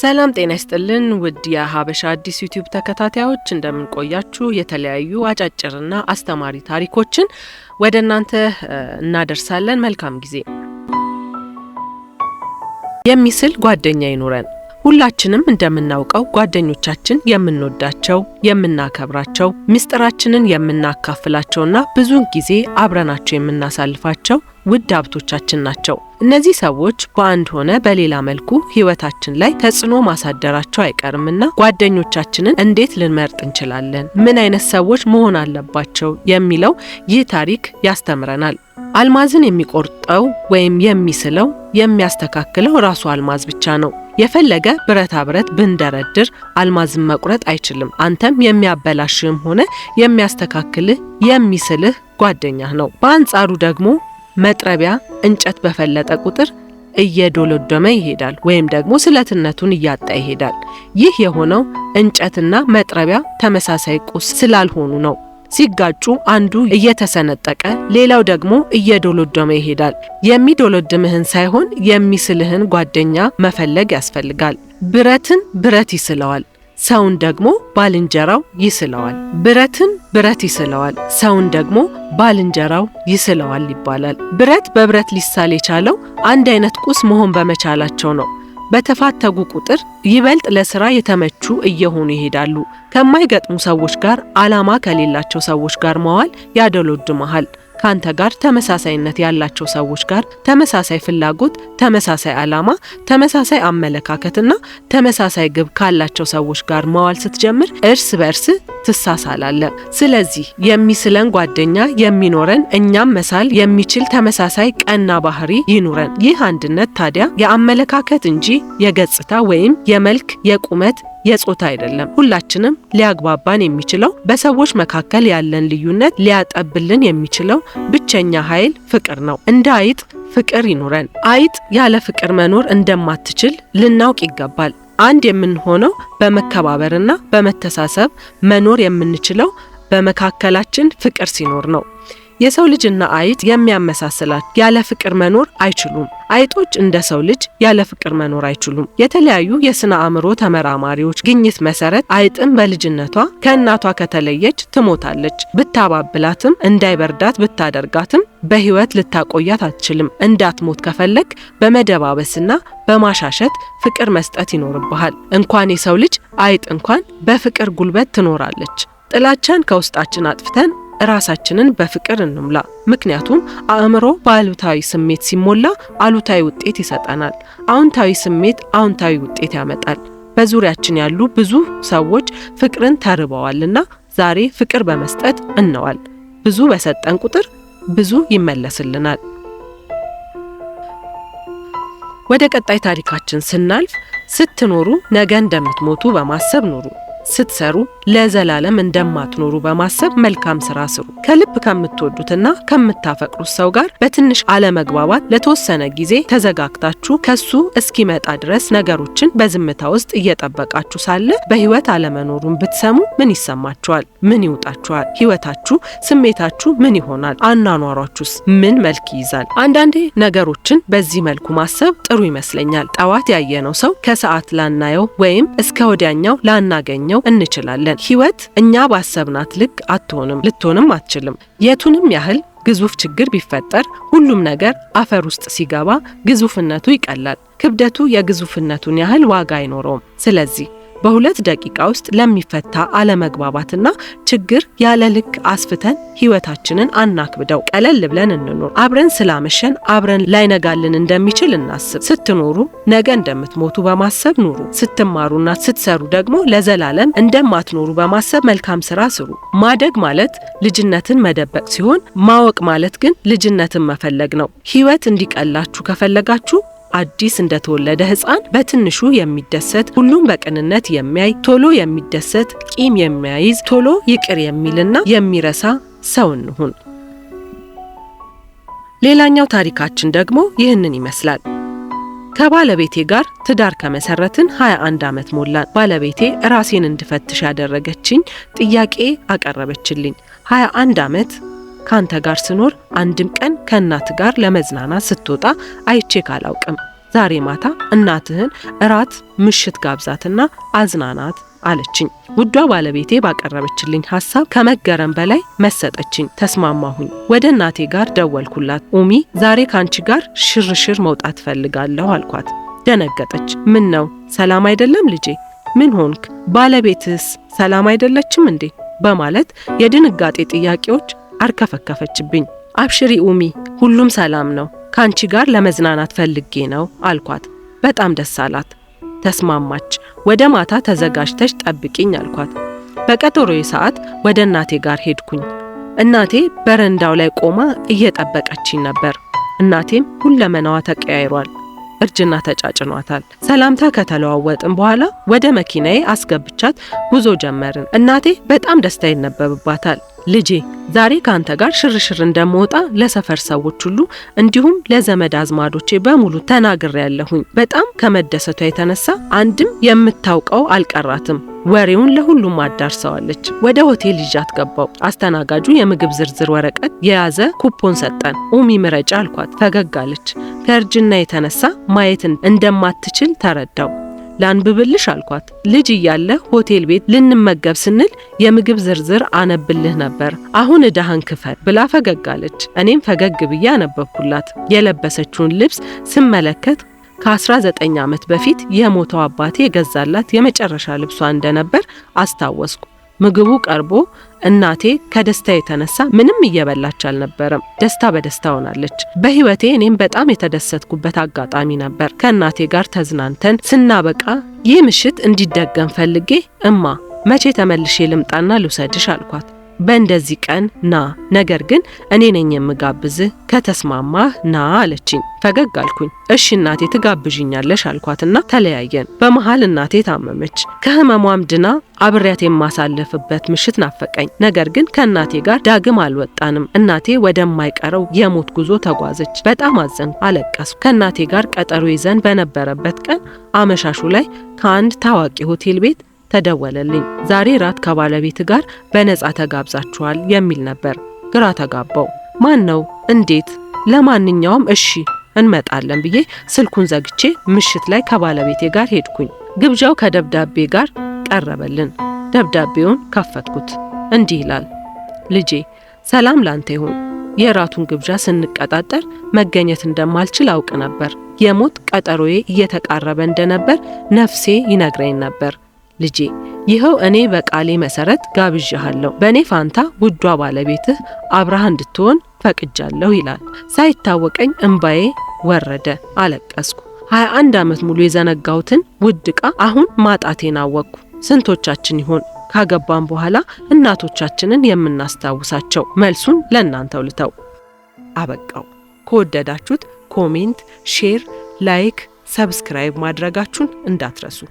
ሰላም ጤና ይስጥልን ውድ የሀበሻ አዲስ ዩቲዩብ ተከታታዮች እንደምንቆያችሁ። የተለያዩ አጫጭርና አስተማሪ ታሪኮችን ወደ እናንተ እናደርሳለን። መልካም ጊዜ። የሚስል ጓደኛ ይኑረን። ሁላችንም እንደምናውቀው ጓደኞቻችን የምንወዳቸው፣ የምናከብራቸው፣ ምስጢራችንን የምናካፍላቸውና ብዙን ጊዜ አብረናቸው የምናሳልፋቸው ውድ ሀብቶቻችን ናቸው። እነዚህ ሰዎች በአንድ ሆነ በሌላ መልኩ ህይወታችን ላይ ተጽዕኖ ማሳደራቸው አይቀርምና ጓደኞቻችንን እንዴት ልንመርጥ እንችላለን? ምን አይነት ሰዎች መሆን አለባቸው? የሚለው ይህ ታሪክ ያስተምረናል። አልማዝን የሚቆርጠው ወይም የሚስለው የሚያስተካክለው ራሱ አልማዝ ብቻ ነው። የፈለገ ብረታ ብረት ብንደረድር አልማዝን መቁረጥ አይችልም። አንተም የሚያበላሽህም ሆነ የሚያስተካክልህ የሚስልህ ጓደኛህ ነው። በአንጻሩ ደግሞ መጥረቢያ እንጨት በፈለጠ ቁጥር እየዶለዶመ ይሄዳል ወይም ደግሞ ስለትነቱን እያጣ ይሄዳል። ይህ የሆነው እንጨትና መጥረቢያ ተመሳሳይ ቁስ ስላልሆኑ ነው። ሲጋጩ አንዱ እየተሰነጠቀ ሌላው ደግሞ እየዶሎደመ ይሄዳል። የሚዶሎድምህን ሳይሆን የሚስልህን ጓደኛ መፈለግ ያስፈልጋል። ብረትን ብረት ይስለዋል፣ ሰውን ደግሞ ባልንጀራው ይስለዋል። ብረትን ብረት ይስለዋል፣ ሰውን ደግሞ ባልንጀራው ይስለዋል ይባላል። ብረት በብረት ሊሳል የቻለው አንድ አይነት ቁስ መሆን በመቻላቸው ነው። በተፋተጉ ቁጥር ይበልጥ ለስራ የተመቹ እየሆኑ ይሄዳሉ። ከማይገጥሙ ሰዎች ጋር፣ አላማ ከሌላቸው ሰዎች ጋር መዋል ያደሎድመሃል። ከአንተ ጋር ተመሳሳይነት ያላቸው ሰዎች ጋር ተመሳሳይ ፍላጎት፣ ተመሳሳይ ዓላማ፣ ተመሳሳይ አመለካከትና ተመሳሳይ ግብ ካላቸው ሰዎች ጋር መዋል ስትጀምር እርስ በእርስ ትሳሳላለ። ስለዚህ የሚስለን ጓደኛ የሚኖረን እኛም መሳል የሚችል ተመሳሳይ ቀና ባህሪ ይኑረን። ይህ አንድነት ታዲያ የአመለካከት እንጂ የገጽታ ወይም የመልክ የቁመት የጾታ አይደለም። ሁላችንም ሊያግባባን የሚችለው በሰዎች መካከል ያለን ልዩነት ሊያጠብልን የሚችለው ብቸኛ ኃይል ፍቅር ነው። እንደ አይጥ ፍቅር ይኑረን። አይጥ ያለ ፍቅር መኖር እንደማትችል ልናውቅ ይገባል። አንድ የምንሆነው በመከባበርና በመተሳሰብ መኖር የምንችለው በመካከላችን ፍቅር ሲኖር ነው። የሰው ልጅና አይጥ የሚያመሳስላት ያለ ፍቅር መኖር አይችሉም። አይጦች እንደ ሰው ልጅ ያለ ፍቅር መኖር አይችሉም። የተለያዩ የስነ አእምሮ ተመራማሪዎች ግኝት መሰረት አይጥም በልጅነቷ ከእናቷ ከተለየች ትሞታለች። ብታባብላትም እንዳይበርዳት ብታደርጋትም በህይወት ልታቆያት አትችልም። እንዳትሞት ከፈለግ በመደባበስና በማሻሸት ፍቅር መስጠት ይኖርብሃል። እንኳን የሰው ልጅ አይጥ እንኳን በፍቅር ጉልበት ትኖራለች። ጥላቻን ከውስጣችን አጥፍተን ራሳችንን በፍቅር እንሙላ። ምክንያቱም አእምሮ በአሉታዊ ስሜት ሲሞላ አሉታዊ ውጤት ይሰጠናል። አዎንታዊ ስሜት አዎንታዊ ውጤት ያመጣል። በዙሪያችን ያሉ ብዙ ሰዎች ፍቅርን ተርበዋልና ዛሬ ፍቅር በመስጠት እንዋል። ብዙ በሰጠን ቁጥር ብዙ ይመለስልናል። ወደ ቀጣይ ታሪካችን ስናልፍ ስትኖሩ ነገ እንደምትሞቱ በማሰብ ኑሩ። ስትሰሩ ለዘላለም እንደማትኖሩ በማሰብ መልካም ስራ ስሩ። ከልብ ከምትወዱትና ከምታፈቅሩት ሰው ጋር በትንሽ አለመግባባት ለተወሰነ ጊዜ ተዘጋግታችሁ ከሱ እስኪመጣ ድረስ ነገሮችን በዝምታ ውስጥ እየጠበቃችሁ ሳለ በህይወት አለመኖሩን ብትሰሙ ምን ይሰማችኋል? ምን ይውጣችኋል? ህይወታችሁ፣ ስሜታችሁ ምን ይሆናል? አኗኗሯችሁስ ምን መልክ ይይዛል? አንዳንዴ ነገሮችን በዚህ መልኩ ማሰብ ጥሩ ይመስለኛል። ጠዋት ያየነው ሰው ከሰዓት ላናየው ወይም እስከ ወዲያኛው ላናገኘው ልናገኘው እንችላለን። ህይወት እኛ ባሰብናት ልክ አትሆንም፣ ልትሆንም አትችልም። የቱንም ያህል ግዙፍ ችግር ቢፈጠር ሁሉም ነገር አፈር ውስጥ ሲገባ ግዙፍነቱ ይቀላል፣ ክብደቱ የግዙፍነቱን ያህል ዋጋ አይኖረውም። ስለዚህ በሁለት ደቂቃ ውስጥ ለሚፈታ አለመግባባትና ችግር ያለ ልክ አስፍተን ህይወታችንን አናክብደው። ቀለል ብለን እንኖር። አብረን ስላመሸን አብረን ላይነጋልን እንደሚችል እናስብ። ስትኖሩ ነገ እንደምትሞቱ በማሰብ ኑሩ። ስትማሩና ስትሰሩ ደግሞ ለዘላለም እንደማትኖሩ በማሰብ መልካም ስራ ስሩ። ማደግ ማለት ልጅነትን መደበቅ ሲሆን ማወቅ ማለት ግን ልጅነትን መፈለግ ነው። ህይወት እንዲቀላችሁ ከፈለጋችሁ አዲስ እንደተወለደ ህፃን በትንሹ የሚደሰት ሁሉም በቅንነት የሚያይ ቶሎ የሚደሰት ቂም የሚያይዝ ቶሎ ይቅር የሚልና የሚረሳ ሰው እንሁን። ሌላኛው ታሪካችን ደግሞ ይህንን ይመስላል። ከባለቤቴ ጋር ትዳር ከመሰረትን 21 ዓመት ሞላን። ባለቤቴ ራሴን እንድፈትሽ ያደረገችኝ ጥያቄ አቀረበችልኝ። 21 ዓመት ካንተ ጋር ስኖር አንድም ቀን ከእናት ጋር ለመዝናናት ስትወጣ አይቼ ካላውቅም ዛሬ ማታ እናትህን እራት ምሽት ጋብዛትና አዝናናት አለችኝ። ውዷ ባለቤቴ ባቀረበችልኝ ሀሳብ ከመገረም በላይ መሰጠችኝ። ተስማማሁኝ። ወደ እናቴ ጋር ደወልኩላት። ኡሚ ዛሬ ካንቺ ጋር ሽርሽር መውጣት ፈልጋለሁ አልኳት። ደነገጠች። ምን ነው ሰላም አይደለም ልጄ? ምን ሆንክ? ባለቤትስ ሰላም አይደለችም እንዴ? በማለት የድንጋጤ ጥያቄዎች አርከፈከፈችብኝ። አብሽሪ ኡሚ፣ ሁሉም ሰላም ነው። ከአንቺ ጋር ለመዝናናት ፈልጌ ነው አልኳት። በጣም ደስ አላት። ተስማማች። ወደ ማታ ተዘጋጅተሽ ጠብቂኝ አልኳት። በቀጠሮዬ ሰዓት ወደ እናቴ ጋር ሄድኩኝ። እናቴ በረንዳው ላይ ቆማ እየጠበቀችኝ ነበር። እናቴም ሁለመናዋ ተቀያይሯል፣ እርጅና ተጫጭኗታል። ሰላምታ ከተለዋወጥን በኋላ ወደ መኪናዬ አስገብቻት ጉዞ ጀመርን። እናቴ በጣም ደስታ ይነበብባታል። ልጄ ዛሬ ካንተ ጋር ሽርሽር እንደምወጣ ለሰፈር ሰዎች ሁሉ እንዲሁም ለዘመድ አዝማዶቼ በሙሉ ተናግሬ ያለሁኝ። በጣም ከመደሰቷ የተነሳ አንድም የምታውቀው አልቀራትም። ወሬውን ለሁሉም አዳርሰዋለች። ወደ ሆቴል ይዣት ገባው። አስተናጋጁ የምግብ ዝርዝር ወረቀት የያዘ ኩፖን ሰጠን። ኡሚ ምረጫ አልኳት። ፈገግ አለች። ከእርጅና የተነሳ ማየት እንደማትችል ተረዳው። ላንብብልሽ አልኳት። ልጅ እያለ ሆቴል ቤት ልንመገብ ስንል የምግብ ዝርዝር አነብልህ ነበር፣ አሁን እዳህን ክፈል ብላ ፈገግ አለች። እኔም ፈገግ ብዬ አነበብኩላት። የለበሰችውን ልብስ ስመለከት ከ19 ዓመት በፊት የሞተው አባቴ የገዛላት የመጨረሻ ልብሷ እንደነበር አስታወስኩ። ምግቡ ቀርቦ እናቴ ከደስታ የተነሳ ምንም እየበላች አልነበረም። ደስታ በደስታ ሆናለች። በህይወቴ እኔም በጣም የተደሰትኩበት አጋጣሚ ነበር። ከእናቴ ጋር ተዝናንተን ስናበቃ ይህ ምሽት እንዲደገም ፈልጌ እማ መቼ ተመልሼ ልምጣና ልውሰድሽ አልኳት። በእንደዚህ ቀን ና፣ ነገር ግን እኔ ነኝ የምጋብዝህ ከተስማማህ ና አለችኝ። ፈገግ አልኩኝ። እሺ እናቴ ትጋብዥኛለሽ አልኳትና ተለያየን። በመሃል እናቴ ታመመች። ከህመሟም ድና አብሬያት የማሳልፍበት ምሽት ናፈቀኝ። ነገር ግን ከእናቴ ጋር ዳግም አልወጣንም። እናቴ ወደማይቀረው የሞት ጉዞ ተጓዘች። በጣም አዘንኩ፣ አለቀሱ። ከእናቴ ጋር ቀጠሮ ይዘን በነበረበት ቀን አመሻሹ ላይ ከአንድ ታዋቂ ሆቴል ቤት ተደወለልኝ። ዛሬ ራት ከባለቤት ጋር በነጻ ተጋብዛችኋል የሚል ነበር። ግራ ተጋባው። ማን ነው? እንዴት? ለማንኛውም እሺ እንመጣለን ብዬ ስልኩን ዘግቼ ምሽት ላይ ከባለቤቴ ጋር ሄድኩኝ። ግብዣው ከደብዳቤ ጋር ቀረበልን። ደብዳቤውን ከፈትኩት። እንዲህ ይላል። ልጄ ሰላም ላንተ ይሁን። የራቱን ግብዣ ስንቀጣጠር መገኘት እንደማልችል አውቅ ነበር። የሞት ቀጠሮዬ እየተቃረበ እንደነበር ነፍሴ ይነግረኝ ነበር። ልጄ ይኸው እኔ በቃሌ መሰረት ጋብዣሃለሁ። በእኔ ፋንታ ውዷ ባለቤትህ አብርሃ እንድትሆን ፈቅጃለሁ ይላል። ሳይታወቀኝ እምባዬ ወረደ፣ አለቀስኩ። 21 ዓመት ሙሉ የዘነጋሁትን ውድ ዕቃ አሁን ማጣቴን አወቅኩ። ስንቶቻችን ይሆን ካገባን በኋላ እናቶቻችንን የምናስታውሳቸው? መልሱን ለእናንተው ልተው። አበቃው። ከወደዳችሁት ኮሜንት፣ ሼር፣ ላይክ፣ ሰብስክራይብ ማድረጋችሁን እንዳትረሱ።